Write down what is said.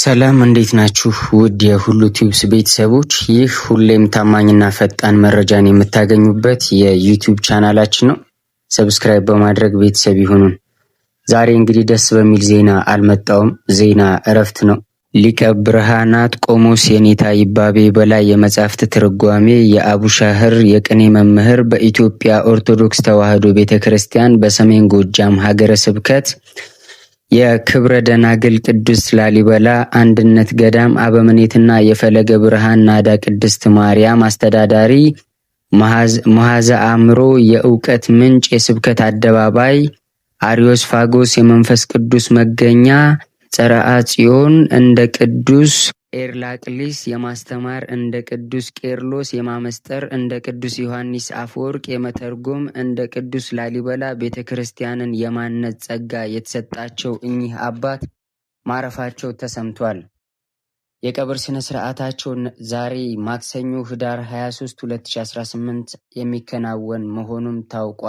ሰላም እንዴት ናችሁ? ውድ የሁሉ ቲዩብስ ቤተሰቦች ይህ ሁሌም ታማኝና ፈጣን መረጃን የምታገኙበት የዩቲዩብ ቻናላችን ነው። ሰብስክራይብ በማድረግ ቤተሰብ ይሁኑን። ዛሬ እንግዲህ ደስ በሚል ዜና አልመጣውም። ዜና እረፍት ነው። ሊቀ ብርሃናት ቆሞስ የኔታ ይባቤ በላይ የመጻሕፍት ትርጓሜ የአቡሻህር የቅኔ መምህር በኢትዮጵያ ኦርቶዶክስ ተዋሕዶ ቤተ ክርስቲያን በሰሜን ጎጃም ሀገረ ስብከት የክብረ ደናግል ቅዱስ ላሊበላ አንድነት ገዳም አበምኔትና የፈለገ ብርሃን ናዳ ቅድስት ማርያም አስተዳዳሪ መሐዘ አእምሮ የእውቀት ምንጭ የስብከት አደባባይ አሪዮስ ፋጎስ የመንፈስ ቅዱስ መገኛ ጸረአ ጽዮን እንደ ቅዱስ ኤርላቅሊስ የማስተማር እንደ ቅዱስ ቄርሎስ የማመስጠር እንደ ቅዱስ ዮሐንስ አፈወርቅ የመተርጎም እንደ ቅዱስ ላሊበላ ቤተ ክርስቲያንን የማነጽ ጸጋ የተሰጣቸው እኚህ አባት ማረፋቸው ተሰምቷል። የቀብር ሥነ ስርዓታቸው ዛሬ ማክሰኞ ህዳር 23 2018 የሚከናወን መሆኑም ታውቋል።